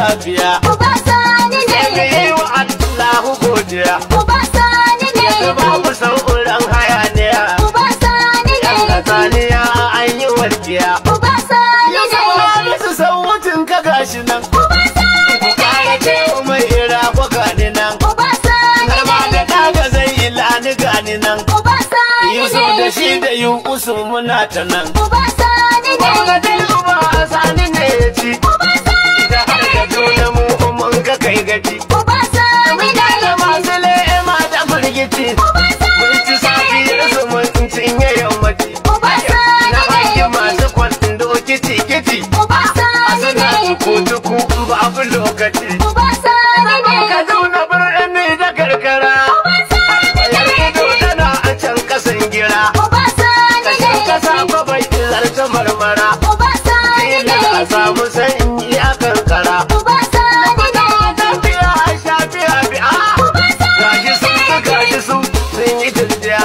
safiya uba sani ne ne yi wa Allah godiya uba sani ne ne babu sauran hayaniya uba sani ne ne saniya an yi warkiya uba sani ne ne ya su sautin ka gashi nan uba sani ne ne ce mai ira ko gani nan uba sani ne ne da ga zai ilani gani nan uba sani ne ne yusuf da shi da yusu muna ta nan uba sani ne ne lokaci. Uban sani ne. Kaduna da karkara. sani tana a can kasan gira. Uban sani kasa ba illar ta marmara. Uban sani a samu sanyi a kankara. Uban sani ne. Tafiya a shafiya bi'a. Uban sani sun yi sani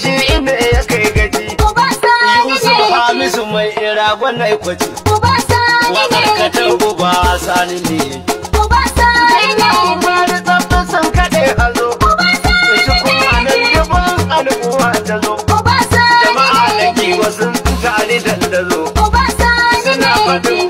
shi inda ya kai gaji Yusuf Hamisu mai ira na kwaci Wakarkatar guba sani ne Ina umar tsabtasan kaɗe hazo Ita kuma nan Jama'a da kiwa sun tare dandazo Suna fadin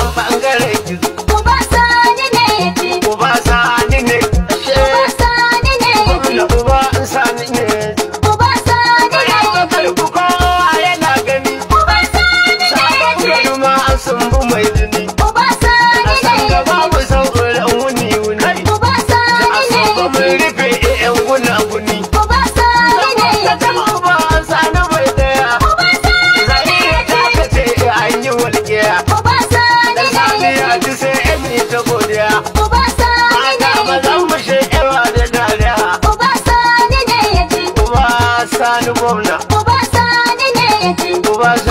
Juma an sun mai jini. Uba sani ne. babu san tsoron wuni wuni. Uba sani ne. Ka so rufe ƴaƴan guna guni. Uba sani ne. Ka mai Uba sani ne. Zai iya ce yi Uba sani ne. Da sani ya ji sai ta godiya. Uba sani ne. zan Uba sani ne ya Uba sani Uba sani ne ya